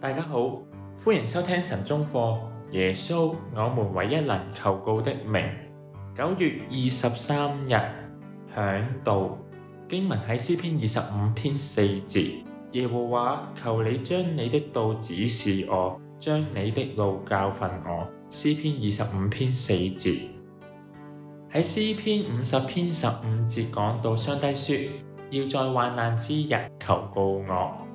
大家好，歡迎收聽晨鐘課。耶穌，我們唯一能求告的名。九月二十三日，嚮導經文喺詩篇二十五篇四節。耶和華，求你將你的道指示我，將你的路教訓我。詩篇二十五篇四節。喺詩篇五十篇十五節講到，上帝說要在患難之日求告我。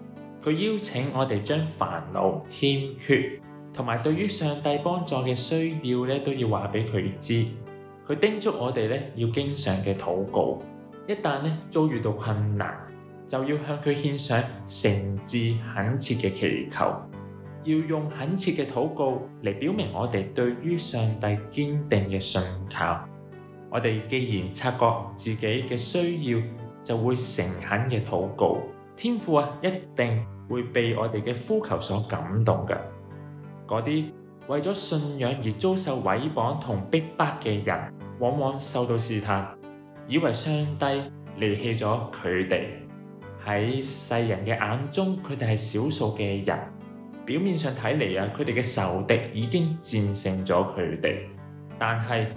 佢邀請我哋將煩惱、欠缺同埋對於上帝幫助嘅需要都要話俾佢知。佢叮囑我哋咧要經常嘅禱告，一旦咧遭遇到困難，就要向佢獻上誠摯、懇切嘅祈求，要用懇切嘅禱告嚟表明我哋對於上帝堅定嘅信靠。我哋既然察覺自己嘅需要，就會誠懇嘅禱告。天父啊，一定會被我哋嘅呼求所感動嘅。嗰啲為咗信仰而遭受誹謗同逼迫嘅人，往往受到試探，以為上帝離棄咗佢哋。喺世人嘅眼中，佢哋係少數嘅人。表面上睇嚟啊，佢哋嘅仇敵已經戰勝咗佢哋，但係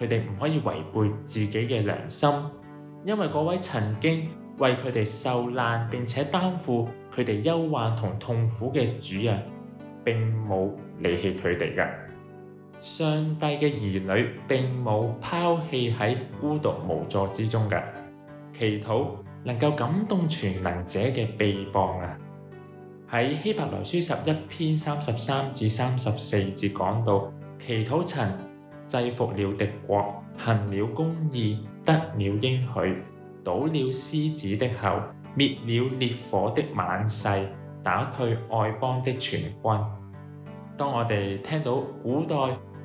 佢哋唔可以違背自己嘅良心，因為嗰位曾經。為佢哋受難，並且擔負佢哋憂患同痛苦嘅主人，並冇離棄佢哋噶。上帝嘅兒女並冇拋棄喺孤獨無助之中噶。祈禱能夠感動全能者嘅臂膀啊！喺希伯來書十一篇三十三至三十四節講到，祈禱曾制服了敵國，行了公義，得了應許。倒了獅子的口，滅了烈火的晚勢，打退外邦的全軍。當我哋聽到古代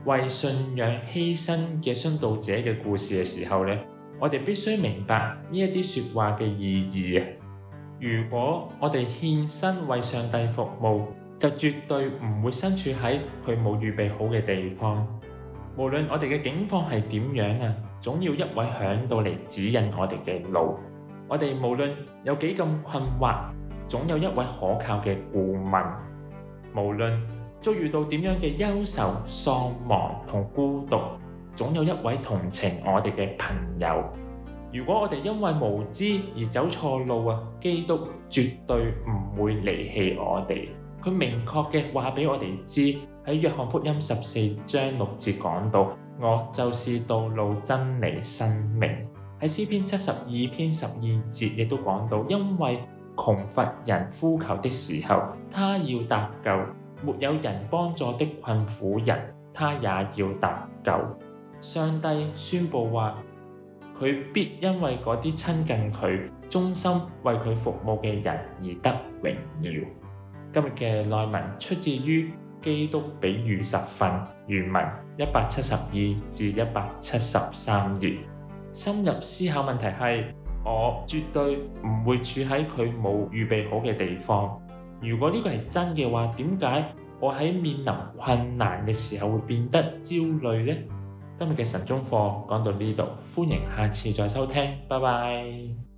為信仰犧牲嘅殉道者嘅故事嘅時候呢，我哋必須明白呢一啲説話嘅意義。如果我哋獻身為上帝服務，就絕對唔會身處喺佢冇預備好嘅地方，無論我哋嘅境況係點樣啊！總有一位嚮導嚟指引我哋嘅路，我哋無論有幾咁困惑，總有一位可靠嘅顧問；無論遭遇到點樣嘅憂愁、喪亡同孤獨，總有一位同情我哋嘅朋友。如果我哋因為無知而走錯路啊，基督絕對唔會離棄我哋。佢明確嘅話俾我哋知，喺約翰福音十四章六節講到：我就是道路、真理、生命。喺詩篇七十二篇十二節亦都講到，因為窮乏人呼求的時候，他要搭救；沒有人幫助的困苦人，他也要搭救。上帝宣佈話，佢必因為嗰啲親近佢、忠心為佢服務嘅人而得榮耀。今日嘅內文出自於《基督比喻實訓》，原文一百七十二至一百七十三頁。深入思考問題係：我絕對唔會處喺佢冇預備好嘅地方。如果呢個係真嘅話，點解我喺面臨困難嘅時候會變得焦慮呢？今日嘅晨中課講到呢度，歡迎下次再收聽，拜拜。